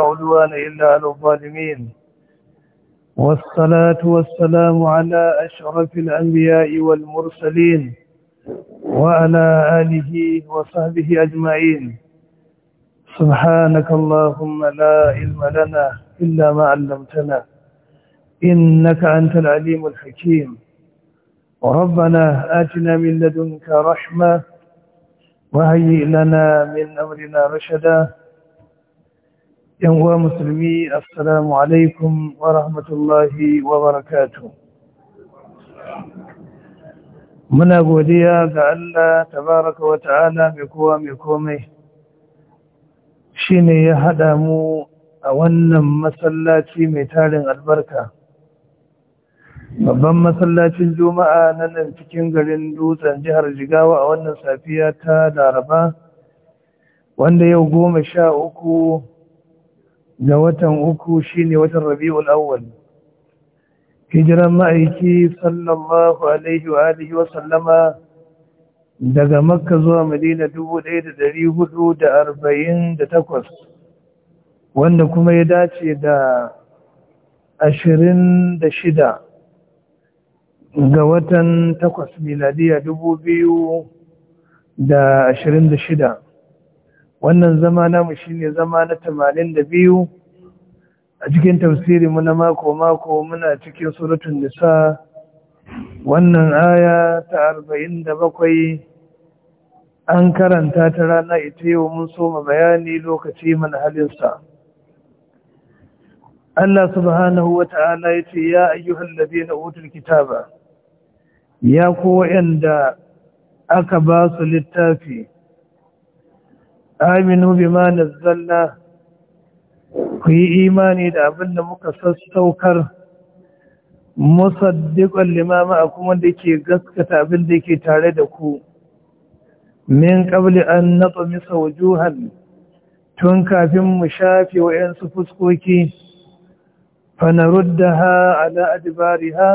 عدوان إلا على الظالمين والصلاة والسلام على أشرف الأنبياء والمرسلين وعلى آله وصحبه أجمعين سبحانك اللهم لا علم لنا إلا ما علمتنا إنك أنت العليم الحكيم ربنا آتنا من لدنك رحمة وهيئ لنا من أمرنا رشدا yan uwa musulmi assalamu alaikum wa rahmatullahi wa barakatuh muna godiya ga Allah tabaraka wa ta'ala mai kowa mai komai shine ya haɗa mu a wannan masallaci mai tarin albarka babban masallacin juma'a na nan cikin garin dutsen jihar jigawa a wannan safiya ta laraba wanda yau goma sha uku ga watan uku shi ne watan rabi'ul awwal hijiran ma'aiki sallallahu alaihi wa alihi wa sallama daga makka zuwa madina takwas, wanda kuma ya dace da ashirin da ga watan takwas miladiya dubu biyu da ashirin wannan zama namu shine zama na tamanin da biyu a cikin tafsiri mu na mako mako muna cikin suratun nisa wannan aya ta arba'in da bakwai an karanta ta rana ita yau mun soma bayani lokaci mana halinsa Allah subhanahu wa ta'ala ya ce ya ayyuhal ladina utul kitaba ya ko wa'anda aka ba su littafi aminu bi ma nazzalna ku yi imani da abin da muka sassaukar musaddiqan lima a kuma da ke gaskata abin da ke tare da ku min qabli an natmisa wujuhan tun kafin mu shafe wayansu fuskoki fa naruddaha ala adbariha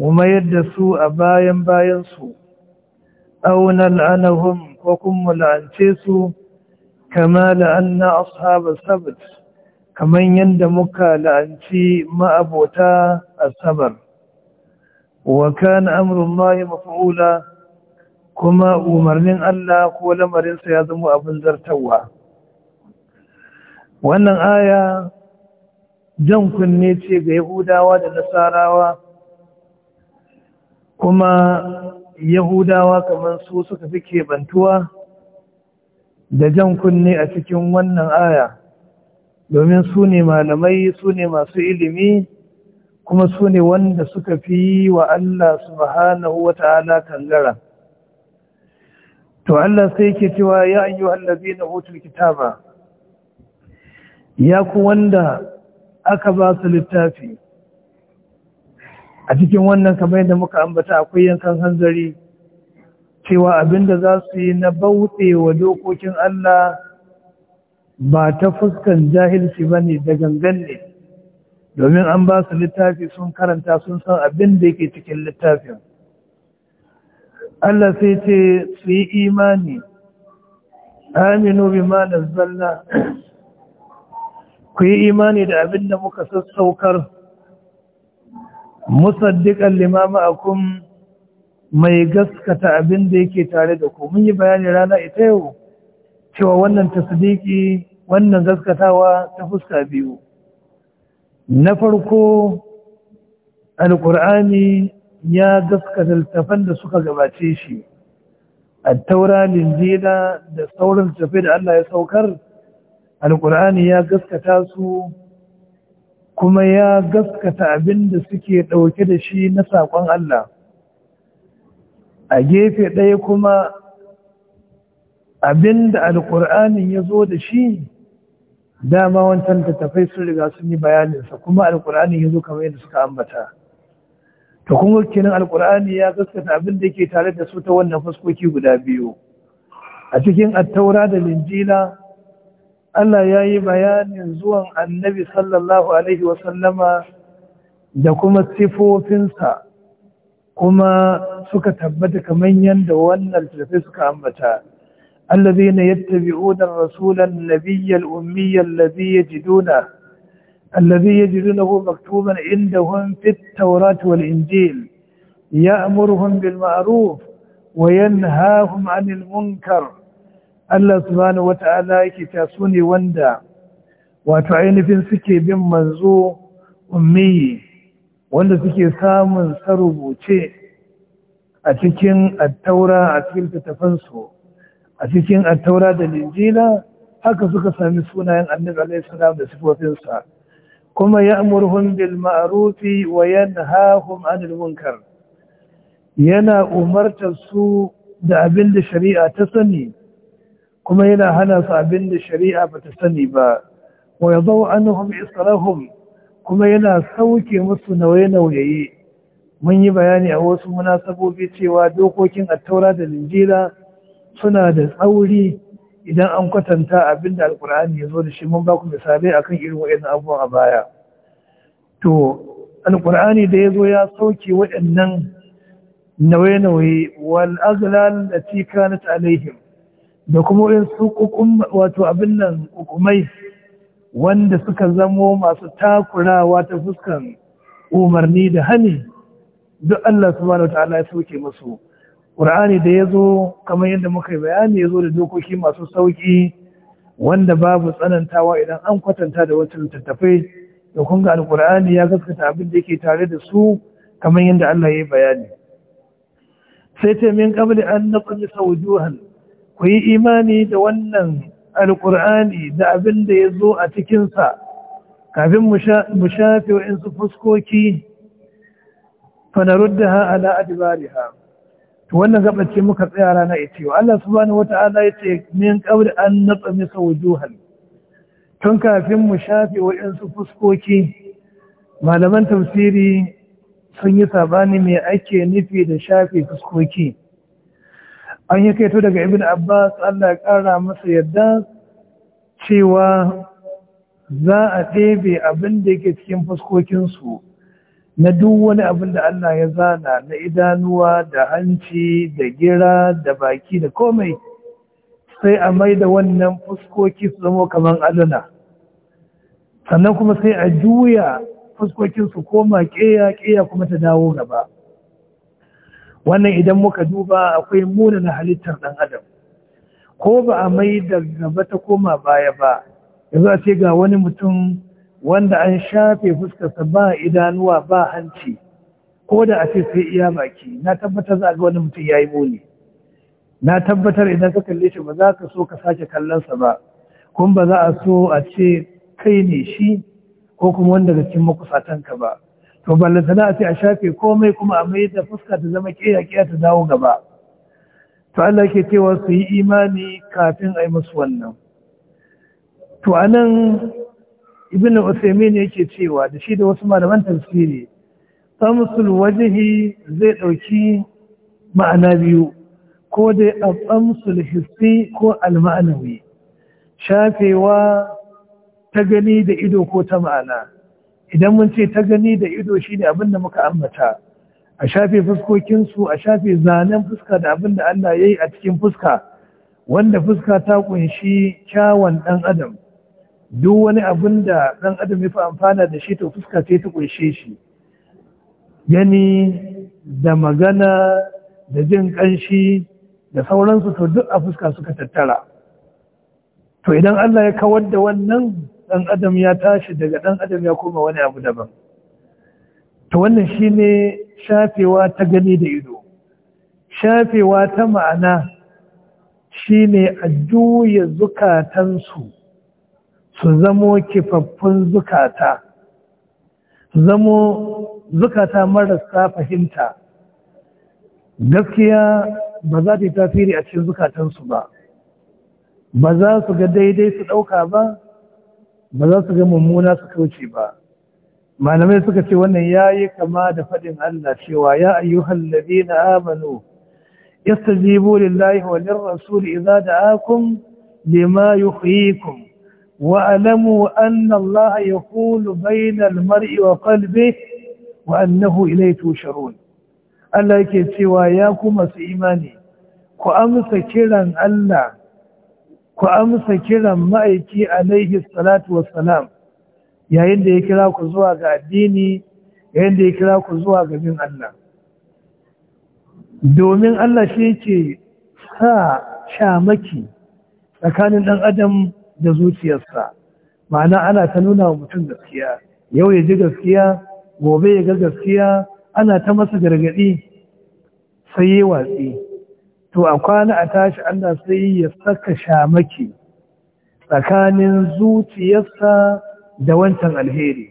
mu mayar da su a bayan bayan su aunan anahum ko kuma la'ance su kama la'anna ashabar sabat kamar yadda muka la'anci ma'abota asabar wa kana amrun mahi mafa'ula kuma umarnin Allah ko lamarinsa ya zamo abin zartawa wannan aya jan kunne ce ga yahudawa da nasarawa kuma yahudawa kamar su suka fi keɓantuwa da jan kunne a cikin wannan aya domin su ne malamai su ne masu ilimi kuma su ne wanda suka fi wa Allah subhanahu wa ta'ala kangara to Allah sai ke cewa ya ayyuhal ladina utul kitaba ya ku wanda aka ba su littafi a cikin wannan kamar da muka ambata akwai yankan hanzari cewa abinda za su yi na bauɗe wa dokokin Allah ba ta fuskan jahilci ba ne da gangan ne domin an ba su littafi sun karanta sun san abin da yake cikin littafin Allah sai ce su yi imani aminu bi ma zalla, ku yi imani da abin da muka sassaukar musaddiqan limama akwai. mai gaskata abin da yake tare da ku mun yi bayani rana ita yau cewa wannan tasdiki wannan gaskatawa ta fuska biyu na farko alkur'ani ya gaskata littafan da suka gabace shi attaura linjila da sauran tafi da Allah ya saukar alkur'ani ya gaskata su kuma ya gaskata abin da suke ɗauke da shi na saƙon Allah a gefe ɗaya kuma abinda alƙur'anin ya zo da shi dama wancan tattafai sun riga sun yi bayaninsa kuma alƙur'anin ya zo kamar yadda suka ambata ta kuma kinin alƙur'ani ya gaskata abin da ke tare da su ta wannan fuskoki guda biyu a cikin attaura da linjila Allah ya yi bayanin zuwan annabi sallallahu alaihi wasallama da kuma sifofinsa kuma suka tabbata kaman yanda wannan tafi suka ambata ar-rasulan الذين يتبعون الرسول yajiduna الأمي الذي يجدونه الذي يجدونه مكتوبا wal injil ya'muruhum bil ma'ruf wa وينهاهم 'anil munkar Allah subhanahu wa ta'ala yake ta su wanda wato ainihin suke bin manzo ummi wanda suke samun sarubuce a cikin attaura a cikin littattafansu a cikin attaura da Linjina, haka suka sami sunayen annabi alaihi salam da sifofinsa kuma ya'muruhum bil Ma'arufi wa yanhahum 'anil munkar yana umartar su da abin da shari'a ta sani kuma yana hana su abin da shari'a ba ta sani ba wa yadau anhum israhum kuma yana sauke musu nauye-nauyaye mun yi bayani a wasu munasabobi cewa dokokin attaura da linjila suna da tsauri idan an kwatanta abin da alkur'ani ya zo da shi mun ba ku misalai akan irin waɗannan abubuwan a baya to alkur'ani da ya zo ya sauke waɗannan nauye-nauye wal aglal lati kanat alaihim da kuma wato abin nan hukumai wanda suka zamo masu takurawa ta fuskan umarni da hani duk Allah subhanahu ya sauke musu Qur'ani da ya zo kamar yadda muka yi bayani yazo da dokoki masu sauki wanda babu tsanantawa idan an kwatanta da wata littattafai da kun ga ya gaskata abin da yake tare da su kamar yadda Allah ya yi bayani sai ta min qabli an naqmi sawjuhan ku yi imani da wannan alƙur'ani da abin da ya zo a cikinsa kafin mu shafe wa yansu fuskoki fanarudda ha ala ha, to wannan gabace muka tsaya rana ya ce Allah subhanahu wata'ala ya ce min qabl an natsamisa wujuhal, tun kafin mu shafe wa yansu fuskoki malaman tafsiri sun yi sabani me ake nufi da shafe fuskoki an yi kaito daga ibn abbas allah ya ƙara masa yadda cewa za a ɗebe abin da yake cikin fuskokinsu na duk wani abin da allah ya zana na idanuwa da hanci da gira da baki da komai sai a mai da wannan fuskoki su zama kamar aluna sannan kuma sai a juya fuskokinsu koma ƙeya ƙeya kuma ta dawo gaba wannan idan muka duba akwai munan halittar ɗan adam ko ba a mai da gaba ta koma baya ba ya a ce ga wani mutum wanda an shafe fuskarsa ba idanuwa ba hanci ko da a ce sai iya baki na tabbatar za ga wani mutum ya yi muni na tabbatar idan ka kalle shi ba za ka so ka sake kallonsa ba kuma ba za a so a ce kai ne shi ko kuma wanda daga cikin makusatanka ba to balle a ce a shafe komai kuma a mai da fuska ta zama kiya kiya ta dawo gaba to Allah ke cewa su yi imani kafin a yi musu wannan to anan ibn Uthaymeen yake cewa da shi da wasu malaman tafsiri tamsul wajihi zai dauki ma'ana biyu ko dai a tamsul hissi ko al-ma'nawi shafewa ta gani da ido ko ta ma'ana idan mun ce ta gani da ido shi ne abin da muka ambata a shafe fuskokinsu a shafe zanen fuska da abin da Allah ya yi a cikin fuska wanda fuska ta kunshi kyawun ɗan adam duk wani abin da ɗan adam ya fi amfana da shi to fuska ce ta kunshe shi gani, da magana da jin ƙanshi da sauransu to duk a fuska suka tattara to idan Allah ya kawar da wannan dan adam ya tashi daga dan adam ya koma wani abu daban to wannan shine shafewa ta gani da ido shafewa ta ma'ana shine a juya zukatansu su zamo kifaffun zukata su zamo zukata marasa fahimta gaskiya ba za ta yi tasiri a cikin zukatansu ba ba za su ga daidai su ɗauka ba ba za su ga mummuna su kauce ba malamai suka ce wannan yayi kama da fadin Allah cewa ya ayyuhal ladina amanu yastajibu lillahi wa lirrasul idza da'akum lima yuhyikum واعلموا أن الله يقول wa المرء وقلبه وأنه إليه تشرون Allah yake cewa ya kuma su imani ku amsa kiran Allah ku amsa kiran ma'aiki alaihi salatu wassalam yayin da ya kira ku zuwa ga addini yayin da ya kira ku zuwa ga bin Allah domin Allah shi yake sa shamaki tsakanin ɗan adam da zuciyarsa ma'ana ana ta nuna wa mutum gaskiya yau ya ji gaskiya gobe ya ga gaskiya ana ta masa gargaɗi sai yi watsi to a kwana a tashi Allah sai ya saka shamaki tsakanin zuciyarsa da wancan alheri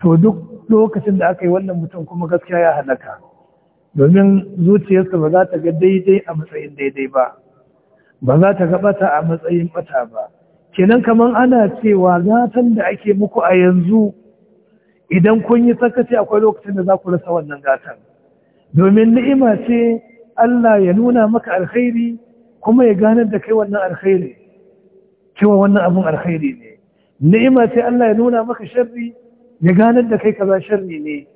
to duk lokacin da aka yi wannan mutum kuma gaskiya ya halaka domin zuciyarsa ba za ta ga daidai a matsayin daidai ba ba za ta ga bata a matsayin bata ba kenan kamar ana cewa gatan da ake muku a yanzu idan kun yi sakaci akwai lokacin da za ku rasa wannan gatan domin ni'ima ce Allah ya nuna maka alkhairi kuma ya ganar da kai wannan alkhairi cewa wannan abun alkhairi ne ni'ima ce Allah ya nuna maka sharri ya ganar da kai kaza sharri ne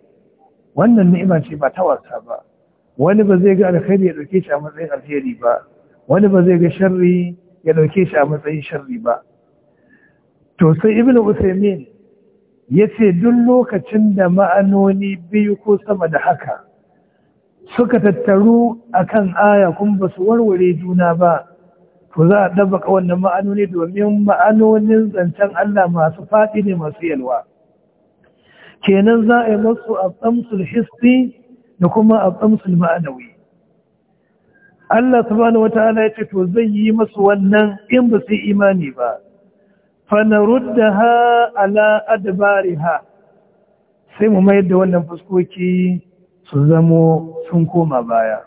wannan ni'ima ce ba ta wasa ba wani ba zai ga alkhairi ya dauke shi a matsayin alheri ba wani ba zai ga sharri ya dauke shi a matsayin sharri ba to sai ibnu usaymin yace duk lokacin da ma'anoni biyu ko sama da haka suka tattaru akan aya kuma ba su warware juna ba to za a ɗabaka wannan ma'anoni domin ma'anonin zancen Allah masu faɗi ne masu yalwa kenan za a yi masu a tsamsul histi da kuma a tsamsul ma'anawi Allah bani wata ana ce to zai yi masu wannan in ba su imani ba da ha ala adabari ha. sai mu mayar da wannan fuskoki su zamo sun koma baya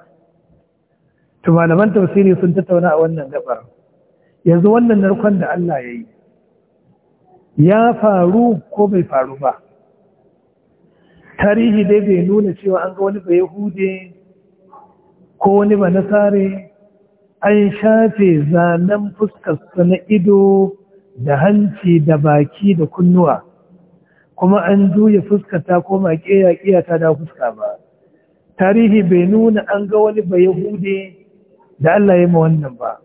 tumalaman malaman tafsiri sun tattauna a wannan gabar yanzu wannan narkon da Allah ya yi ya faru ko bai faru ba tarihi dai bai nuna cewa an ga wani bai hude ko wani ba nasare an shafe zanen fuskarsa na ido da hanci da baki da kunnuwa kuma an juya fuskata ko maƙiya ƙiya ta da fuska ba tarihi bai nuna an ga wani ba yahude da Allah ya ma wannan ba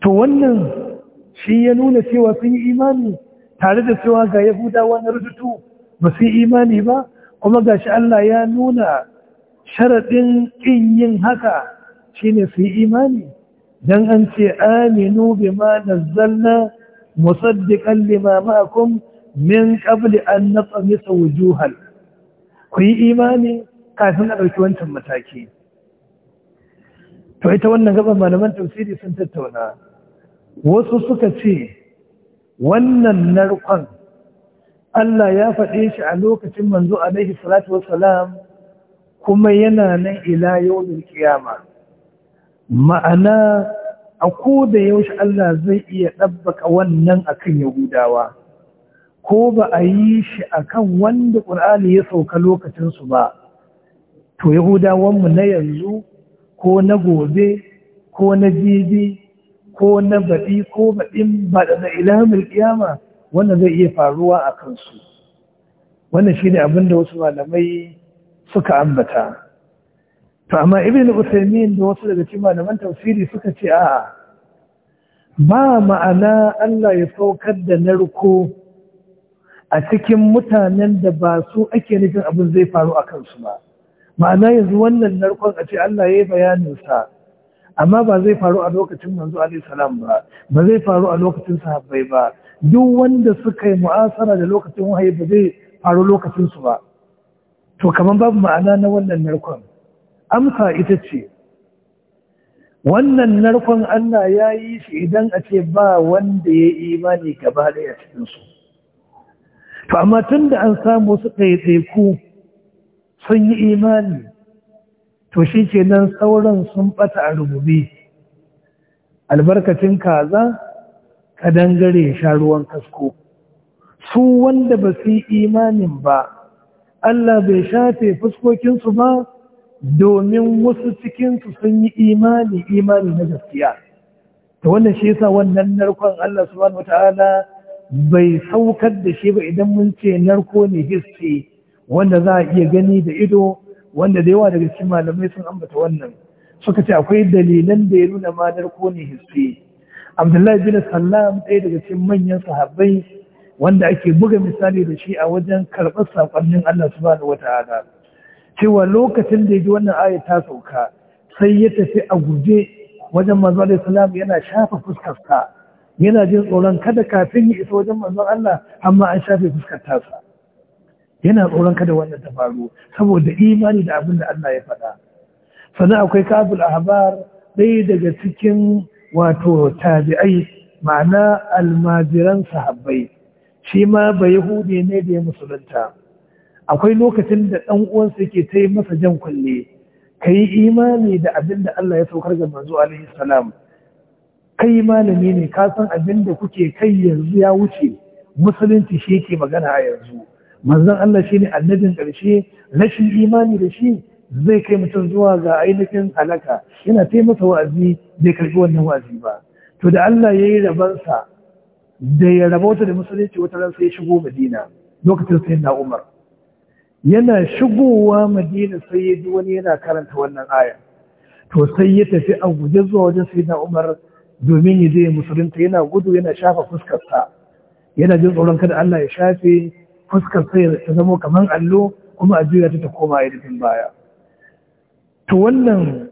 to wannan shi ya nuna cewa sun yi imani tare da cewa ga yahudawa wani rututu ba su yi imani ba kuma ga shi Allah ya nuna sharaɗin ƙin yin haka shi ne su yi imani don an ce aminu bi ma da musaddiqan ma makon min ƙabli an natsamisa wujuhal ku yi imani kafin a ɗauki wancan mataki to ita wannan gaban malaman tausiri sun tattauna wasu suka ce wannan narkon Allah ya faɗe shi a lokacin manzo laihi salatu wasalam kuma yana nan ila yawmin kiyama ma'ana a ko da yaushe Allah zai iya ɗabbaka wannan akan yahudawa ko ba a yi shi a kan wanda ƙur'ani ya sauka lokacinsu ba to yahudawanmu na yanzu ko na gobe ko na jibi ko na baɗi ko baɗin da ilhamul ƙiyama wannan zai iya faruwa a kansu wannan shi ne abin wasu malamai suka ambata to amma ibn usaimin da wasu daga cikin malaman tafsiri suka ce a'a ba ma'ana Allah ya saukar da narko a cikin mutanen da ba su ake nufin abin zai faru a kansu ba ma'ana yanzu wannan narkon a ce Allah ya yi bayaninsa amma ba zai faru a lokacin manzo alaihi salam ba ba zai faru a lokacin sahabbai ba duk wanda suka yi mu'asara da lokacin wahayi ba zai faru lokacin su ba to kaman babu ma'ana na wannan narkon amsa ita ce wannan narkon Allah ya yi shi idan a ce ba wanda ya yi imani gaba ɗaya cikin su to amma tun da an samu su ɗaiɗaiku sun yi imani to shi ke nan sauran sun ɓata a rububi albarkacin kaza ka dangare sha ruwan kasko su wanda ba su yi imanin ba Allah bai shafe fuskokinsu ba domin wasu cikinsu sun yi imani imani na gaskiya ta wannan shi yasa wannan narkon Allah subhanahu wataala bai saukar da shi ba idan mun ce narko ne hiske wanda za a iya gani da ido wanda da yawa daga cikin malamai sun ambata wannan suka ce akwai dalilan da ya nuna ma narko ne hiske abdullahi bin sallam ɗaya daga cikin manyan sahabbai wanda ake buga misali da shi a wajen karɓar saƙonnin Allah subhanahu ta'ala cewa lokacin da ya ji wannan aya ta sauka sai ya tafi a guje wajen manzo alaihi salam yana shafa fuskarsa yana jin tsoron kada kafin ya isa wajen manzon Allah amma an shafe fuskar tasa yana tsoron kada wannan ta faru saboda imani da abin da Allah ya faɗa sannan akwai kabul ahbar dai daga cikin wato tabi'ai ma'ana almajiran sahabbai shi ma ba yahudi ne da ya musulunta akwai lokacin da ɗan uwansa yake ta masa jan kulle ka yi imani da abin da Allah ya saukar ga manzo alaihi salam kai malami ne ka san abin da kuke kai yanzu ya wuce musulunci shi ke magana a yanzu manzon Allah shine annabin ƙarshe rashin imani da shi zai kai mutum zuwa ga ainihin halaka yana taimaka masa wa'azi bai karbi wannan wa'azi ba to da Allah yayi rabansa da ya wata da musulunci wata ran sai ya shigo Madina lokacin sai na Umar yana shigowa Madina sai ya ji wani yana karanta wannan aya to sai ya tafi a guje zuwa wajen sai na Umar domin ya je musulunta yana gudu yana shafa fuskarsa yana jin tsoron kada Allah ya shafe fuskarsa ya zama kamar allo kuma a juya ta koma ya dafin baya to wannan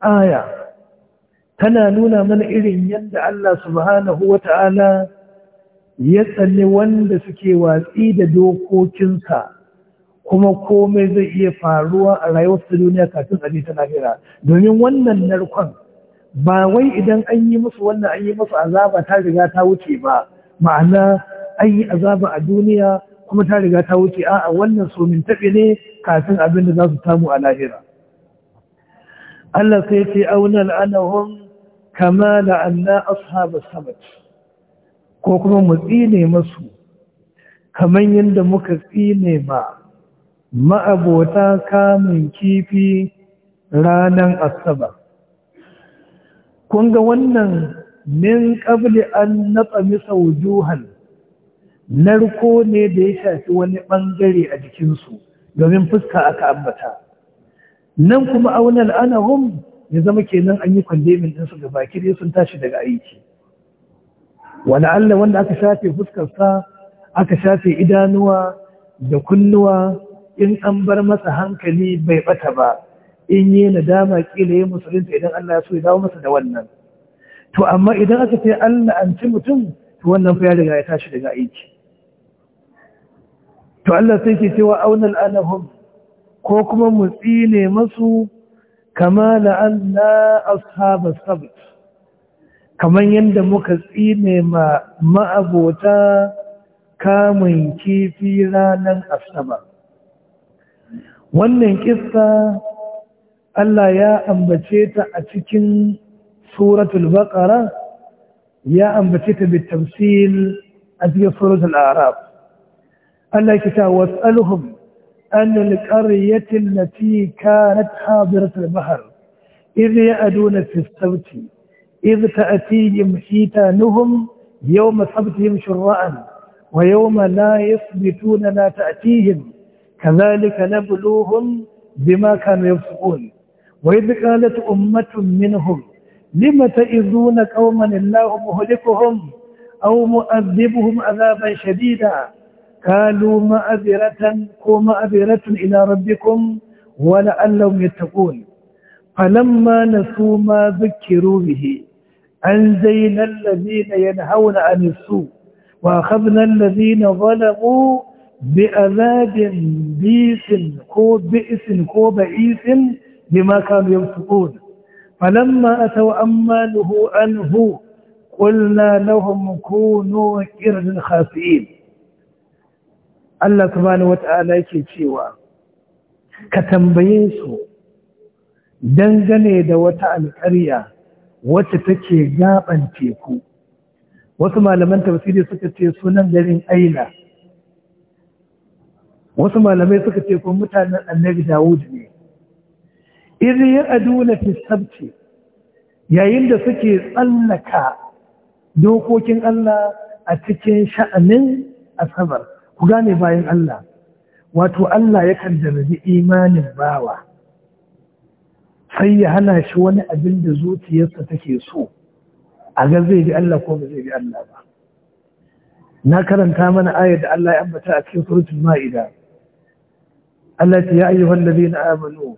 aya tana nuna mana irin yadda Allah subhanahu wa ta'ala ya tsalle wanda suke watsi da dokokinsa kuma komai zai iya faruwa a rayuwar duniya kafin a ta lahira domin wannan narkon ba wai idan an yi musu wannan an yi musu azaba ta riga ta wuce ba ma'ana an yi azaba a duniya kuma ta riga ta wuce a'a wannan so min taɓe ne kafin abin da za su samu a lahira Allah sai ce auna la'anahum kama la'anna ashabas Samad, ko kuma mu tsine musu kaman yadda muka tsine ba ma'abota kamun kifi ranar asabar kun ga wannan min ƙabli an natsami saujuhan narko ne da ya shafi wani ɓangare a jikinsu domin fuska aka ambata nan kuma aunan anahum ya zama kenan an yi kwandemin ɗinsu ga baki dai sun tashi daga aiki wani allah wanda aka shafe fuskarsa aka shafe idanuwa da kunnuwa in an bar masa hankali bai bata ba in yi dama kila yi musulunta idan Allah ya so ya dawo masa da wannan to amma idan aka ce Allah an ci mutum to wannan fa ya riga ya tashi daga aiki to Allah sai ke cewa auna alahum ko kuma mu tsine masu kama Allah ashabas sabt kamar yadda muka tsine ma ma'abota kamun kifi ranar asaba wannan kissa Allah ya ambace ta a cikin suratul baqara ya ambace ta bitamsil a cikin suratul araf Allah ya ta was'aluhum an al qaryati allati kanat hadiratul bahr idh ya'duna fi as-sawti idh ta'tihim hitanuhum yawma sabtihim shur'an wa yawma la yathbituna la ta'tihim كذلك نبلوهم بما كانوا يفسقون وإذ قالت أمة منهم لم تئذون قوما الله مهلكهم أو مؤذبهم عذابا شديدا قالوا مأذرة ومأذرة إلى ربكم ولعلهم يتقون فلما نسوا ما ذكروا به أنزينا الذين ينهون عن السوء وأخذنا الذين ظلموا بأذاب بيس كو بئس كو بئيس بما كانوا ينفقون فلما أتوا عما نهوا عنه قلنا لهم كونوا قرد خاسئين الله سبحانه وتعالى yake cewa ka tambayi su dangane da wata alƙarya wacce take gaban teku wasu malaman tafsiri suka ce sunan garin aila wasu malamai suka ce ko mutanen annabi Dawud ne iri ya aduna fisabci yayin da suke tsallaka dokokin Allah a cikin sha'anin asabar ku gane bayan Allah wato Allah yakan jarabi imanin bawa sai ya hana shi wani abin da zuciyarsa take so a ga zai bi Allah ko ba zai bi Allah ba na karanta mana ayar da Allah ya ambata a cikin suratul ma'ida Allah ya ayyuhal ladina amanu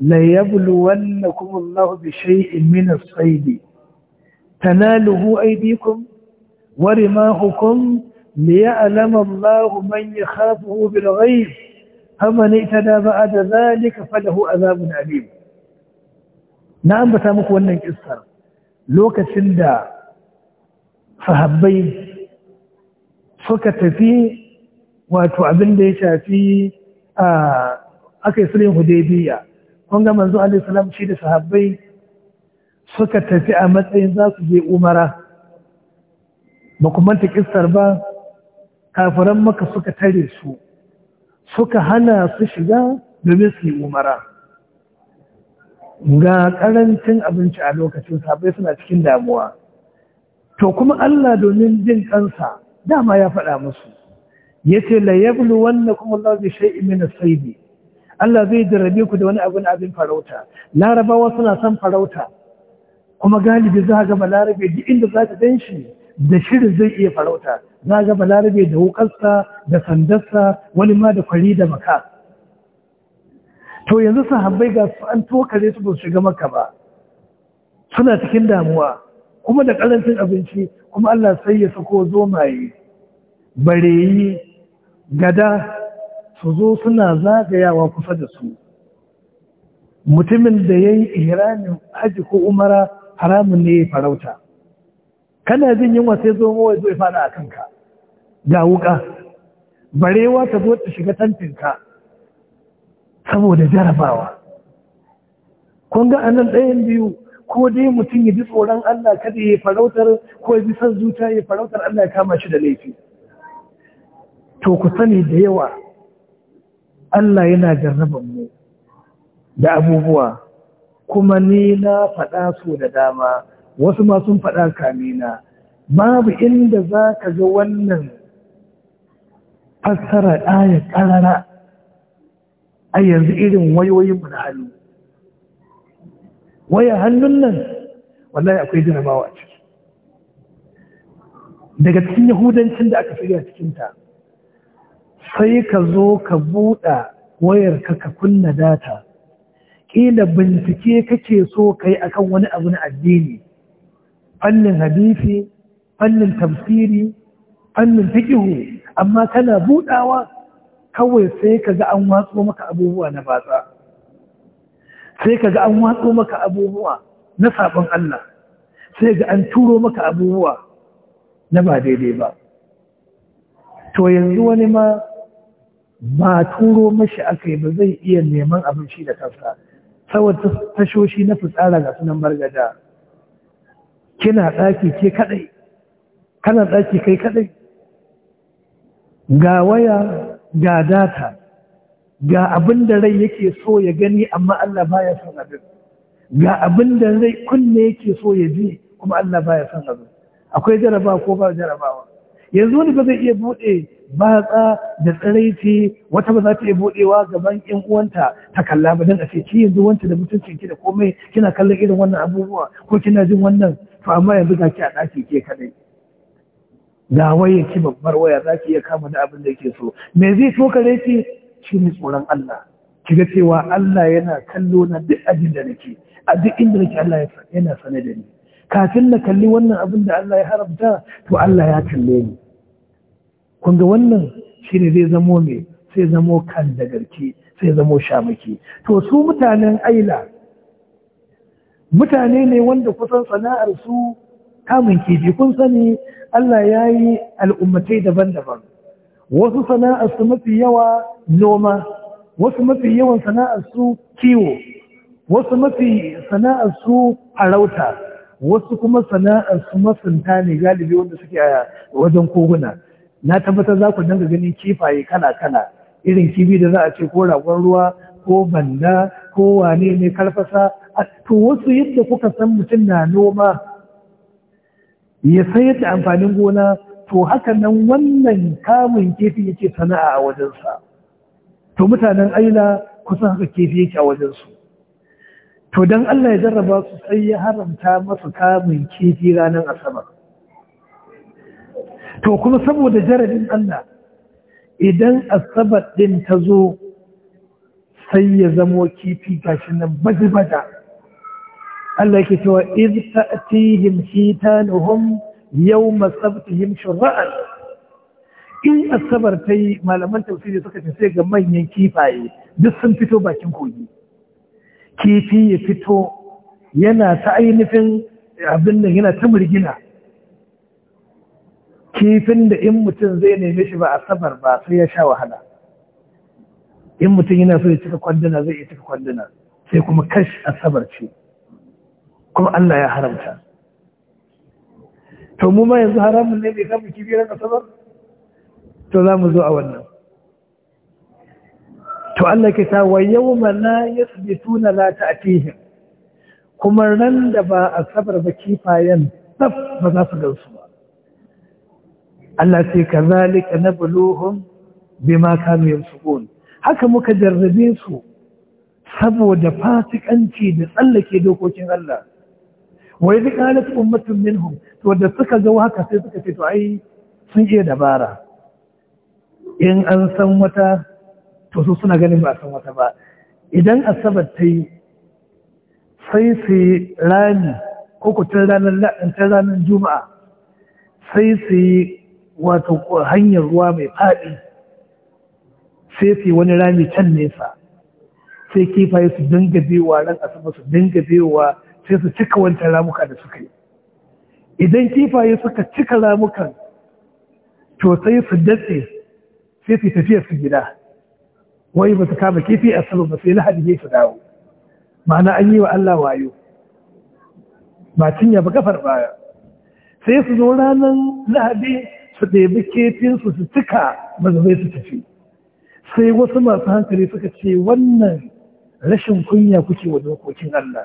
la yabluwannakum Allahu bi shay'in min as-sayd tanaluhu aydikum wa rimahukum ليعلم الله من يخافه بالغيب فمن اعتدى بعد ذلك فله عذاب أليم na ambata muku wannan kissar lokacin da sahabbai suka tafi wato abin da ya shafi a aka yi kun manzo alaihi shi da sahabbai suka tafi a matsayin za su je umara ba kuma ta kistar ba kafiran maka suka tare su suka hana su shiga domin su yi umara ga karancin abinci a lokacin sahabbai suna cikin damuwa to kuma Allah domin jin kansa dama ya faɗa musu yace la yablu wannakum Allahu bi shay'in min as-sayd Allah zai jarrabe ku da wani abin abin farauta larabawa suna son farauta kuma galibi za ga balarabe duk inda za ta gan shi da shirin zai iya farauta za a ga balarabe da wukarsa da sandarsa wani ma da kwari da maka to yanzu sahabbai ga su an tokare su ba su shiga maka ba suna cikin damuwa kuma da ƙarancin abinci kuma Allah sai ya sako zomaye bareyi gada su zo suna zagayawa kusa da su mutumin da ya yi ihramin haji ko umara haramun ne ya farauta kana jin yunwa sai zo mawai zo ya fada a kanka ga wuka barewa ta zo ta shiga tantinka saboda jarabawa kun ga anan ɗayan biyu ko dai mutum ya ji tsoron Allah kada ya farautar ko ya ji son zuta ya farautar Allah ya kama shi da laifi to ku sani da yawa Allah yana jarraban mu da abubuwa kuma ni na faɗa su da dama wasu ma sun faɗa kamina babu inda za ka ga wannan fassara ɗaya ƙarara a yanzu irin wayoyinmu na hannu waya hannun nan wallahi akwai jarabawa a ciki daga cikin yahudancin da aka shirya cikinta sai ka zo ka buɗa wayarka ka kunna data ƙila bincike kake so ka yi akan wani abu na addini fannin hadisi fannin tafsiri fannin fikihu amma kana buɗawa kawai sai ka ga an watso maka abubuwa na batsa sai ka ga an watso maka abubuwa na sabon Allah sai ga an turo maka abubuwa na ba daidai ba to yanzu wani ma ba turo mashi aka yi ba zai iya neman abin shi da kansa saboda tashoshi na fitsara ga sunan bargada kina ɗaki ke kaɗai kana ɗaki kai kaɗai ga waya ga data ga abin da rai yake so ya gani amma Allah baya son abin ga abin da rai kunne yake so ya ji kuma Allah baya son abin akwai jarabawa ko ba jarabawa yanzu wani ba zai iya buɗe batsa da tsiraici wata ba za ta yi buɗewa gaban ƴan uwanta ta kalla ba dan a ce ki yanzu wanta da mutuncin ki da komai kina kallon irin wannan abubuwa ko kina jin wannan to amma yanzu ga ki a ɗaki ke kadai ga waya ki babbar waya za ki iya kama da abin da yake so me zai so ka ki shi ne tsoron Allah ki ga cewa Allah yana kallo na duk abin da nake a duk inda nake Allah yana sane da ni kafin na kalli wannan abin da Allah ya haramta to Allah ya kalle ni kun ga wannan ne zai zamo mai sai zamo kan da sai zamo shamaki to su mutanen aila mutane ne wanda kusan sana'ar su kamun kifi kun sani Allah ya yi al'ummatai daban-daban wasu sana'ar su mafi yawa noma wasu mafi yawan sana'ar su kiwo wasu mafi sana'ar su farauta wasu kuma sana'ar su masunta ne galibi wanda suke a wajen koguna na tabbatar za ku dinga ganin kifaye kala-kala irin kibi da za a ce ko ragon ruwa ko banda ko wane ne karfasa to wasu yadda kuka san mutum na noma ya sayar da amfanin gona to haka nan wannan kamun kifi yake sana'a a wajensa to mutanen aila kusan haka kifi yake a wajensu to don Allah ya jarraba su sai ya haramta masu kamun kifi ranar asabar to kuma saboda jarabin Allah idan asabar din ta zo sai ya zamo kifi gashi nan baji-baja Allah yake cewa iz ta'tihim hitanuhum yawma sabtihim shur'an in asabar ta yi malaman tafsiri suka ce sai ga manyan kifaye duk sun fito bakin kogi kifi ya fito yana ta ainihin abin nan yana ta murgina kifin da in mutum zai neme shi ba a safar ba sai ya sha wahala in mutum yana so ya cika kwanduna zai iya cika kwanduna sai kuma kash a safar ce kuma Allah ya haramta to mu ma yanzu haramun ne bai kama kifi na asabar to za mu zo a wannan to Allah ke ta wa yau yawma tuna lati la ta'tihim kuma ran da ba asabar ba kifayen tsaf ba za su gansu Allah ce kazalika nabluhum bima kanu yamsukun haka muka jarrabe su saboda fasikanci da tsallake dokokin Allah wai da kalat ummatun minhum to da suka ga haka sai suka ce to ai sun iya dabara in an san wata to su suna ganin ba san wata ba idan asabar ta yi sai su rani ko ku ranar juma'a sai su yi wato hanyar ruwa mai faɗi sai su wani rami can nesa sai kifaye su dinga bewa ran sama su dinga bewa sai su cika wancan ramuka da suka yi idan kifaye suka cika ramukan to sai su datse sai su tafiya su gida wai ba su kama kifi a sama ba sai lahadi ne su dawo ma'ana an yi wa Allah wayo ba cinya ba kafar baya sai su zo ranar lahadi su ɗebi kefinsu su cika mazabai su tafi sai wasu masu hankali suka ce wannan rashin kunya kuke wa dokokin Allah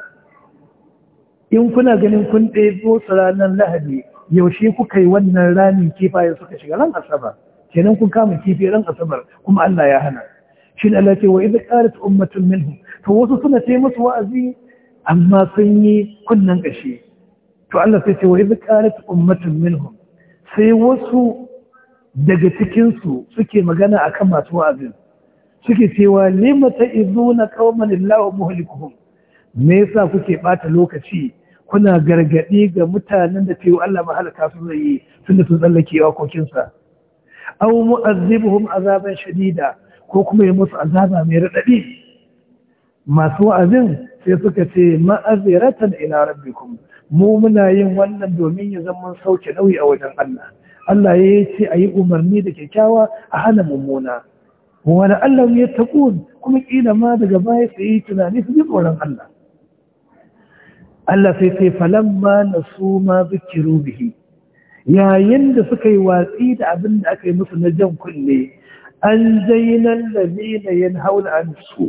in kuna ganin kun ɗebo su ranar lahadi yaushe kuka yi wannan ramin kifaye suka shiga ran asabar kenan kun kama kifi ran asabar kuma Allah ya hana Shin Allah ce wa idza qalat ummatun minhum to wasu suna ce musu wa'azi amma sun yi kunnan kashi to Allah sai ce wa idza qalat ummatun minhum sai wasu daga cikinsu suke magana akan masu wa'azin suke cewa lima ta izuna kawman illahu muhlikuhum me yasa kuke bata lokaci kuna gargadi ga mutanen da cewa Allah mahalaka su zai yi tunda sun tsallake wakokin sa aw mu'azzibuhum azaban shadida ko kuma ya musu azaba mai radadi masu wa'azin sai suka ce ma'aziratan ila rabbikum mu muna yin wannan domin ya zama sauke nauyi a wajen Allah Allah ya ce a yi umarni da kyakkyawa a hana mummuna wani Allah ya taƙun kuma ƙila ma daga baya su yi tunani su ji tsoron Allah Allah sai sai ma na su ma zikiru bihi yayin da suka yi watsi da abin da aka yi musu na jan kunne an zainan da yin haula an su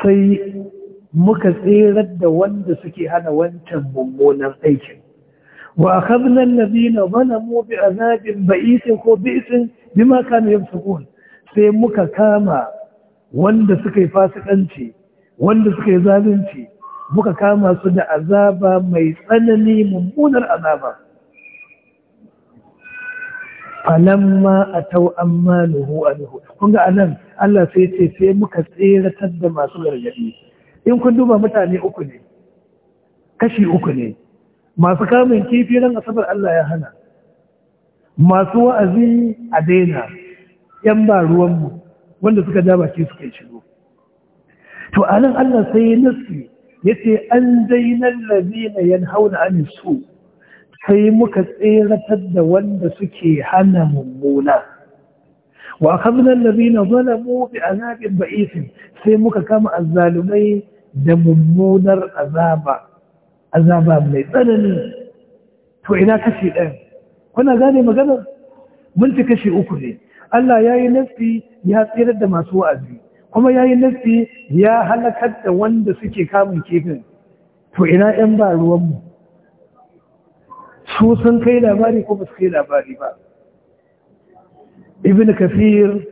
sai muka tserar da wanda suke hana wancan mummunan aikin wa akhadna alladhina zalamu bi azabin ba'isin ko bi'sin bima kanu yamsukun sai muka kama wanda suka yi fasikanci wanda suka yi zalunci muka kama su da azaba mai tsanani mummunar azaba falamma atau ammanuhu anhu kun ga anan Allah sai ce sai muka tseratar da masu gargadi in kun duba mutane uku ne kashi uku ne masu kamun kifi ran asabar Allah ya hana masu wa'azi a daina yan ba ruwanmu wanda suka ja baki suka shigo to anan Allah sai ya nasi ce an dainan ladina hauna an su sai muka tseratar da wanda suke hana mummuna wa akhadna alladhina zalamu bi azabin ba'isin sai muka kama azzalumai da mummunar azaba azaba mai tsanani to ina kashi ɗaya kuna gane maganar mun ci kashi uku ne Allah ya yi nafi ya tsirar da masu wa'azi kuma ya yi nafi ya halakar da wanda suke kamun kifin to ina ‘yan ba ruwanmu su sun kai labari ko ba su kai labari ba ibn kafir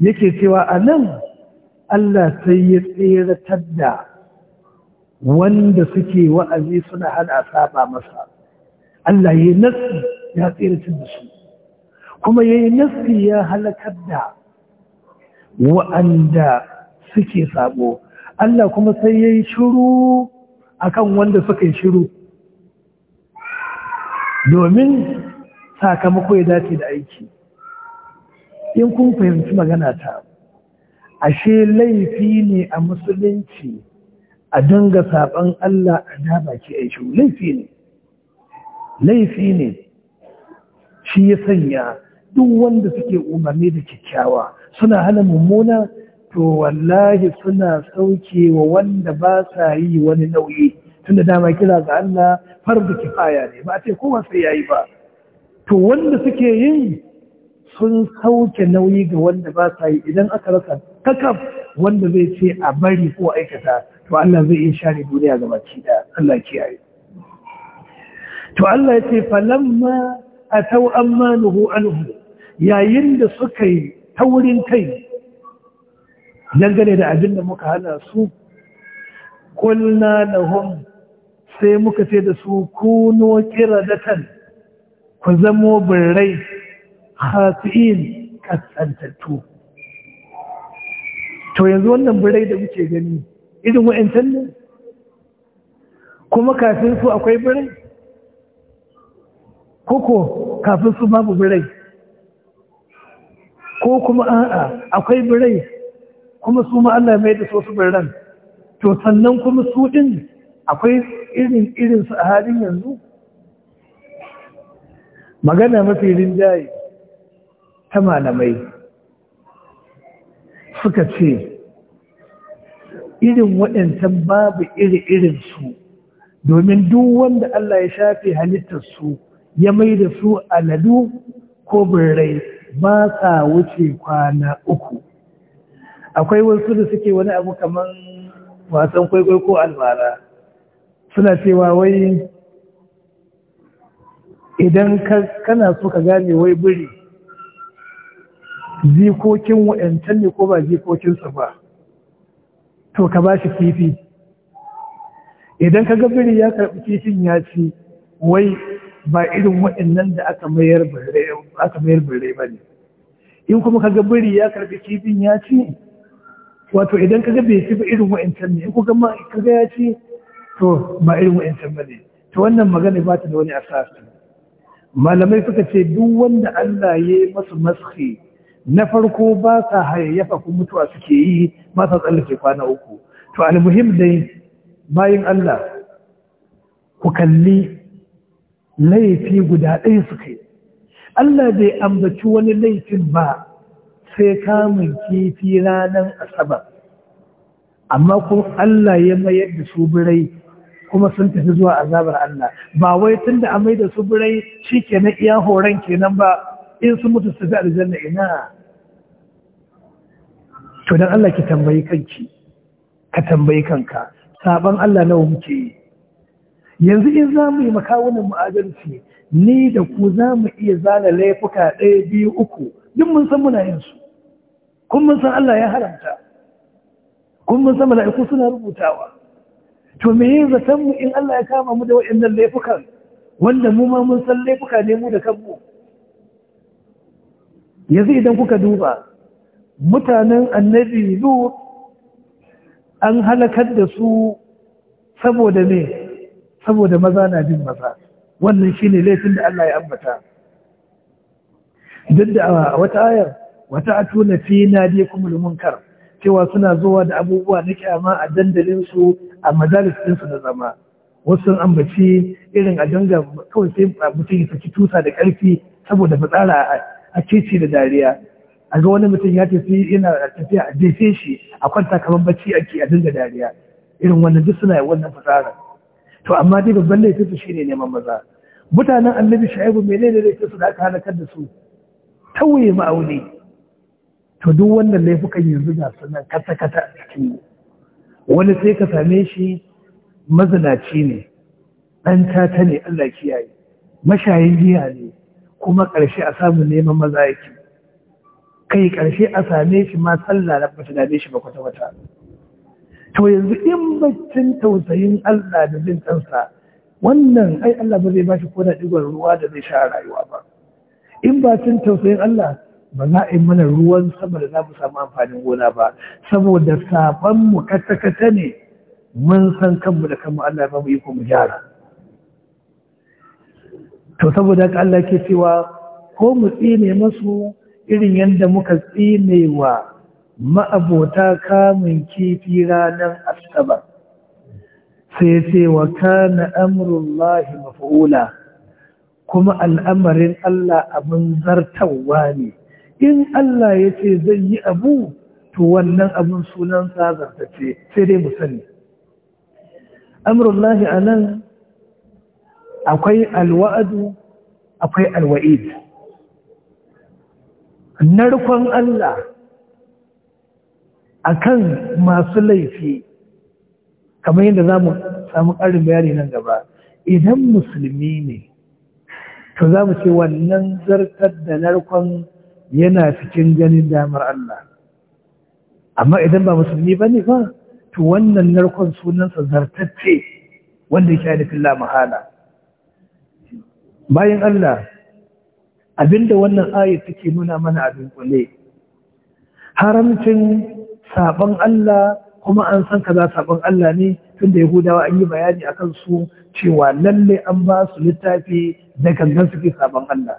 yake cewa a nan Allah sai ya tseratar da wanda suke wa'azi suna hana saba masa Allah ya nasi ya tseratar da su kuma ya yi nasi ya halakar da wa'anda suke sabo Allah kuma sai ya yi shiru akan wanda suka yi shiru domin sakamako ya dace da aiki in kun fahimci magana ta ashe laifi ne a musulunci a dinga saɓon Allah a dabaki a shi laifi ne laifi ne shi ya sanya duk wanda suke umarni da kyakkyawa suna hana mummuna to wallahi suna sauke wa wanda ba sa yi wani nauyi tunda dama kira ga Allah fardu kifaya ne ba ce kowa sai yayi ba to wanda suke yin sun sauke nauyi ga wanda ba sa yi idan aka rasa kakaf wanda zai ce a bari ko aikata to Allah zai iya share duniya ga baki da Allah kiyaye to Allah ya ce falamma ataw ammanuhu anhu yayin da suka yi taurin kai dangane da abin da muka hana su kulna lahum sai muka ce da su kuno kiradatan ku zamo birrai khasi'in kasantatu to yanzu wannan birai da muke gani irin wa'ancan ne kuma kafin su akwai birai koko kafin su babu birai ko kuma a'a akwai birai kuma su ma Allah mai da so su birran to sannan kuma su din akwai irin irin su a halin yanzu magana mafi rinjaye ta malamai suka ce irin waɗancan babu iri su domin duk wanda Allah ya shafe su ya mai da su aladu ko birrai ba sa wuce kwana uku akwai wasu da suke wani abu kamar wasan kwaikwai ko albara suna cewa wai idan kana so ka gane wai biri Zikokin wa'yancan ne ko ba jikokinsu ba to ka ba shi kifi idan ka gabiri ya karɓi kifin ya ci wai ba irin wa'yannan da aka mayar bare ba ne in kuma ka gabiri ya karɓi kifin ya ci wato idan ka gabe ci ba irin wa'yancan ne in ku gama ka ga ya ci to ba irin wa'yancan ba ne to wannan magana ba ta da wani asasi malamai suka ce duk wanda Allah ya yi masu maski na farko ba sa hayayyafa kun mutuwa suke yi ba sa tsallake kwana uku to almuhim dai bayan Allah ku kalli laifi guda ɗaya suka yi Allah bai ambaci wani laifin ba sai kamun kifi ranar asabar amma kuma Allah ya mayar da su birai kuma sun tafi zuwa azabar Allah ba wai tun da amai da su birai shi ke na iya horon kenan ba in sun mutu su fi aljanna ina to dan Allah ki tambayi kanki ka tambayi kanka saban Allah nawa muke yi yanzu in za mu yi makawunan mu'adalci ni da ku za mu iya zana laifuka ɗaya biyu uku duk mun san muna yin su kun mun san Allah ya haramta kun mun san mala'iku suna rubutawa to me yin zaton mu in Allah ya kama mu da waɗannan laifukan wanda mu ma mun san laifuka ne mu da kanmu yanzu idan kuka duba mutanen annabi zu an halakar da su saboda ne saboda maza na bin maza wannan shi ne laifin da Allah ya ambata duk da wata ayar wata atuna fi nadi kuma munkar cewa suna zuwa da abubuwa na kyama a dandalin su a majalisin su na zama wasu ambaci irin a danga kawai sai mutum ya saki tusa da karfi saboda fitsara a keci da dariya a ga wani mutum ya tafi yana tafiya a jefe shi a kwanta kamar bacci ake a dinga dariya irin wannan duk suna wannan fasara to amma dai babban laifin su shine neman maza mutanen annabi shaibu menene laifin su da aka halakar da su tauye ma'auni to duk wannan laifukan yanzu ga sunan kata kata a cikin wani sai ka same shi mazinaci ne ɗan tata ne Allah kiyaye mashayin giya ne kuma ƙarshe a samun neman maza yake kai ƙarshe a same shi ma sallah na ba su dame shi ba kwata wata to yanzu in baccin tausayin Allah da jin kansa wannan ai Allah ba zai ba shi ko da digon ruwa da zai sha rayuwa ba in baccin tausayin Allah ba za a yi mana ruwan sama da za mu samu amfanin gona ba saboda saban mu kata-kata ne mun san kanmu da kanmu Allah ba mu yi ko mu gyara to saboda haka Allah ke cewa ko mu tsine masu irin yadda muka tsinewa ma'abota kamun kifi ranar asabar sai ce wa kana amurullahi mafi'ula kuma al'amarin Allah abin zartawa ne in Allah ya ce zai yi abu to wannan abin sunan sunansa zartace sai dai mu sani amurullahi a nan akwai alwa'adu akwai alwa'id narkon Allah a kan masu laifi kamar yadda za mu samu ƙarin bayani nan gaba idan musulmi ne to za mu ce wannan zartar da narkon yana cikin ganin damar Allah amma idan ba musulmi ba ne ba to wannan narkon sunansa zartacce wanda ya sha nufin lamahala bayan Allah abinda wannan ayat take nuna mana abin dunkule haramcin sabon Allah kuma an san kaza sabon Allah ne tunda Yahudawa an yi bayani akan su cewa lalle an ba su littafi da gangan suke sabon Allah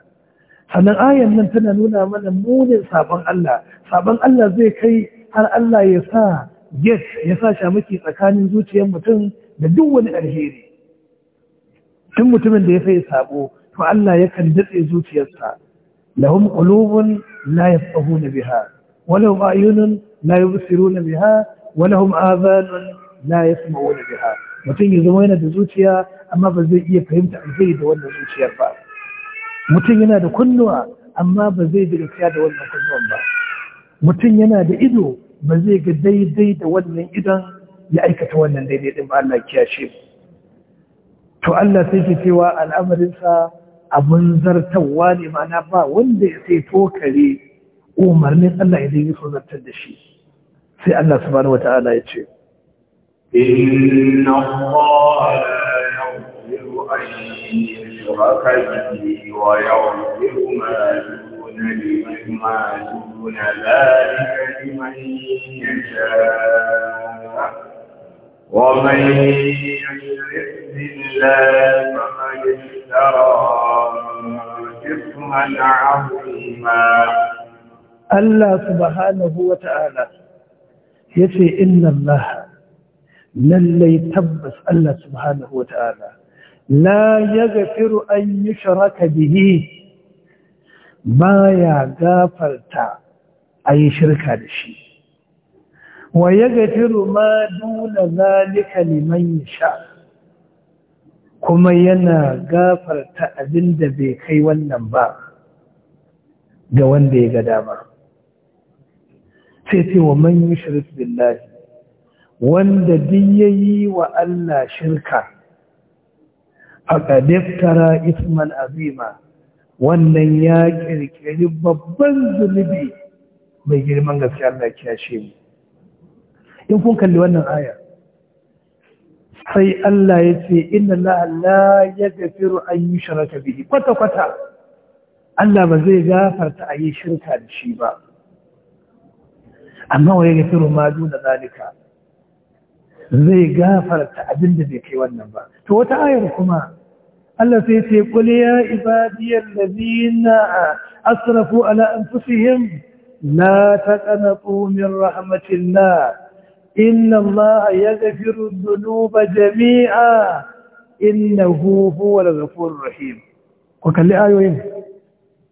sannan ayan nan tana nuna mana munin sabon Allah sabon Allah zai kai har Allah ya sa yes ya sa shamaki tsakanin zuciyar mutum da duk wani alheri tun mutumin da ya sai sabo to Allah yakan datse zuciyarsa lahum qulubun la na biha wa lahum ayunun la na biha wa lahum ya la na biha mutum ya zama yana da zuciya amma ba zai iya fahimta alheri da wannan zuciyar ba mutum yana da kunnuwa amma ba zai da gaskiya da wannan kunnuwan ba mutum yana da ido ba zai ga daidai da wannan idan ya aikata wannan daidai din ba Allah kiyashe mu to Allah sai ke cewa al'amarinsa abun zartawa ne mana ba wanda ya sai tokare umarnin Allah idan ya so zartar da shi sai Allah su bani wata'ala ya ce inna Allah yaghfiru an wa ma ومن يشرك بالله فقد افترى اثما عظيما الله سبحانه وتعالى يسي ان الله للي تبس الله سبحانه وتعالى لا يغفر ان يشرك به ما تا اي شركه لشيء wa yaghfiru ma duna zalika liman sha, kuma yana gafarta abinda bai kai wannan ba ga wanda ya ga dama sai ce wa man yushrik billahi wanda diyayi yayi wa Allah shirka a iftara isman azima wannan ya kirkiri babban zunubi mai girman gaskiya Allah ya mu in kun kalli wannan aya sai Allah ya ce inna Allah la yaghfiru an yushraka bihi kwata kwata Allah ba zai gafarta a yi shirka da shi ba amma wa yaghfiru ma duna zalika zai gafarta abin da zai kai wannan ba to wata ayar kuma Allah sai ce qul ya ibadiyal ladina asrafu ala anfusihim la taqnatu min rahmatillah إن الله يغفر الذنوب جميعا إنه هو الغفور الرحيم وقال لي آية وين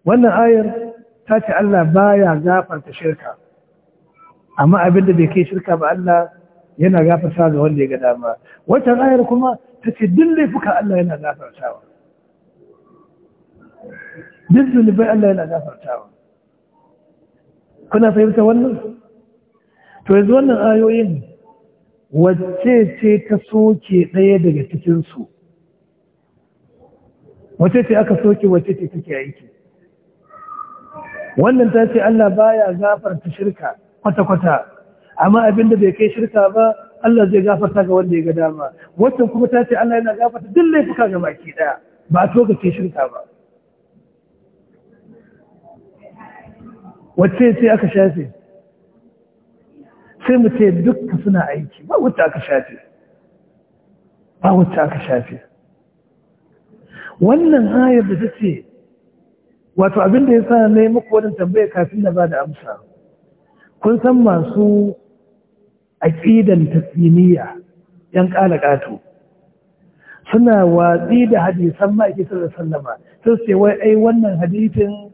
وانا آية تاتي الله بايا غافر تشركة أما أبدا بكي شركة بألّا ينا غافر ساوى ولي قداما وانا آية كما تاتي دلي فكا الله ينا غافر ساوى دلي فكا الله ينا غافر ساوى كنا فهمت وانا to yanzu wannan ayoyin wacce ce ta soke ɗaya daga cikinsu wacce ce aka soke wacce ce take aiki wannan ta ce Allah baya gafarta shirka kwata-kwata amma abinda bai kai shirka ba Allah zai gafarta ga wanda ya ga dama waccan kuma ta ce Allah yana gafarta duk laifuka ga baki ɗaya ba a toka ce shirka ba wacce ce aka shafe sai mu ce dukka suna aiki ba wacce aka shafe ba aka shafe wannan ayar da ta ce wato abin da ya sa na yi muku wani tambaya kafin na ba da amsa kun san masu aƙidan tasiniya yan ƙala ƙato suna watsi da hadisan ma'aikatar da sallama sun ce wai ai wannan hadisin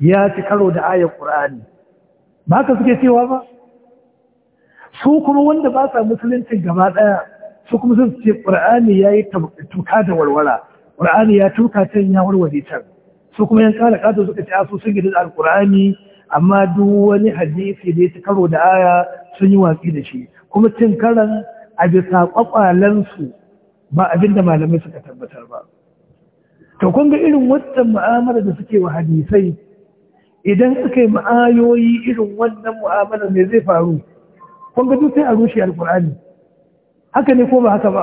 ya ci karo da ayar ƙur'ani ba haka suke cewa ba su kuma wanda ba sa musuluncin gaba ɗaya su kuma sun ce ƙur'ani ya yi tuka da warwara ƙur'ani ya tuka can ya warware can su kuma yan kala kato suka ce asu sun gida alƙur'ani amma duk wani hadisi da ya ci karo da aya sun yi watsi da shi kuma cin karan a bisa kwakwalensu ba abin da malamai suka tabbatar ba to kun ga irin wannan mu'amala da suke wa hadisai idan suka yi ma'ayoyi irin wannan mu'amala me zai faru kun ga duk sai a rushe alkur'ani haka ne ko ba haka ba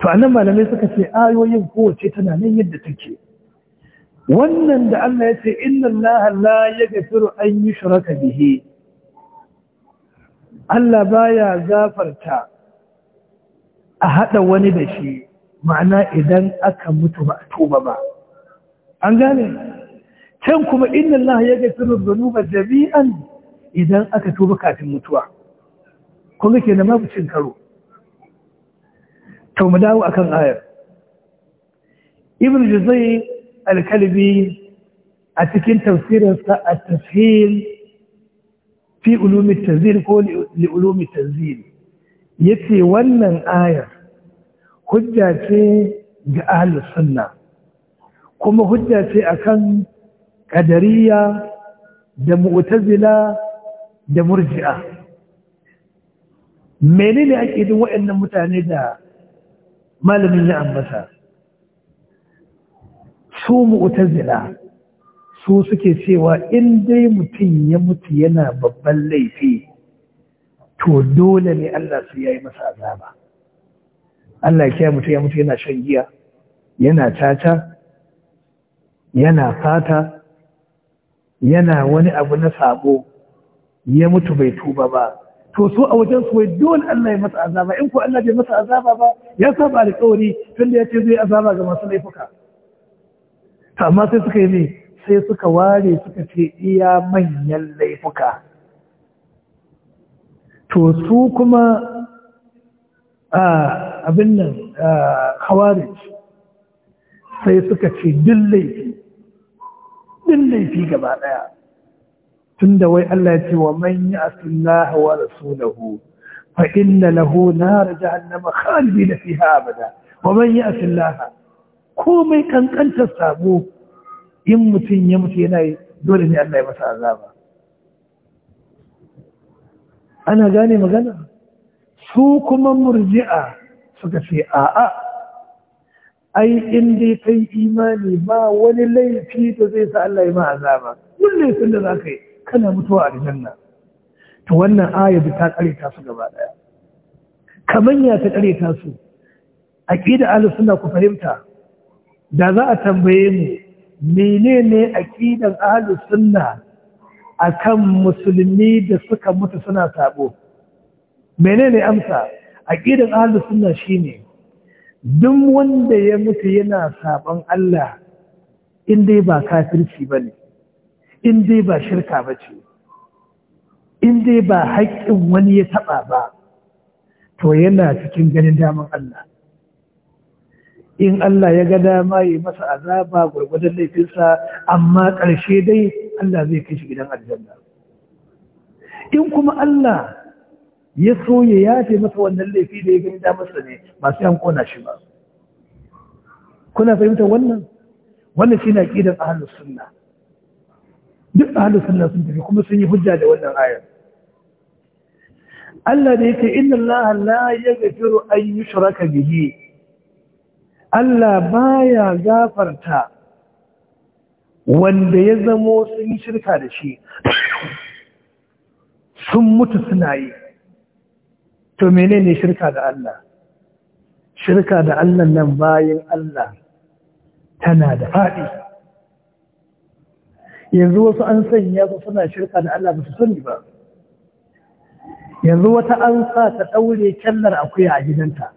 to annan malamai suka ce ayoyin kowace tana nan yadda take wannan da Allah ya ce inna Allah la yaghfiru an yushraka bihi Allah baya gafarta a haɗa wani da shi ma'ana idan aka mutu ba tuba ba an gane can kuma inna Allah yaghfiru dhunuba jami'an idan aka tuba kafin mutuwa kuma ke da babu cin karo to mu dawo akan ayar ibn juzai al-kalbi a cikin tafsirinsa a tafhil fi ulumi tanzil ko li ulumi tanzil yace wannan ayar hujja ce ga ahlus sunna kuma hujja ce akan kadariya da mu'tazila da murji'a menene ake jin waɗannan mutane da malamin ya ambata su mu'tazila su suke cewa in dai mutum ya mutu yana babban laifi to dole ne Allah su yayi masa azaba Allah ya mutu ya mutu yana shan giya yana tata yana fata yana wani abu na sabo ya mutu bai tuba ba to su a wajen su wai dole Allah ya masa azaba in ko Allah bai masa azaba ba ya saba alƙawari tun ya ce zai azaba ga masu laifuka to amma sai suka yi ne sai suka ware suka ce iya manyan laifuka to su kuma a abin nan khawarij sai suka ce dillai laifi gaba daya tunda wai Allah ya ce wa man ya'sillaha wa rasulahu fa inna lahu nar jahannama khalidin fiha abada wa man ya'sillaha komai kankantar sabo in mutum ya mutu yana yi dole ne Allah ya masa azaba ana gane magana su kuma murji'a suka ce a'a ai in dai kai imani ba wani laifi da zai sa Allah ya ma azaba kullu laifin da za kana mutuwa a aljanna to wannan ayatu ta ta su gaba daya kaman ya ta ta su aqida ahlus sunna ku fahimta da za a tambaye mu menene aqidan ahlus sunna akan musulmi da suka mutu suna sabo menene amsa aqidan ahlus sunna shine duk wanda ya mutu yana sabon Allah in dai ba kafirci bane in dai ba shirka ba ce in dai ba haƙƙin wani ya taɓa ba to yana cikin ganin daman Allah in Allah ya ga dama yi masa azaba gwargwadon laifinsa amma ƙarshe dai Allah zai kai shi gidan aljanna in kuma Allah ya so ya yafe masa wannan laifi da ya gani damarsa ne masu yan kona shi ba kuna fahimtar wannan wannan shi na ƙidan ahalus sunna duk ahlus sunna sun tafi kuma sun yi hujja da wannan ayar Allah da yake inna Allah la yaghfiru an yushraka bihi Allah baya gafarta wanda ya zamo sun yi shirka da shi sun mutu suna yi to menene shirka da Allah shirka da Allah nan bayan Allah tana da faɗi yanzu wasu an sanya su suna shirka da Allah ba su sani ba yanzu wata an sa ta ɗaure kyallar akuya a gidanta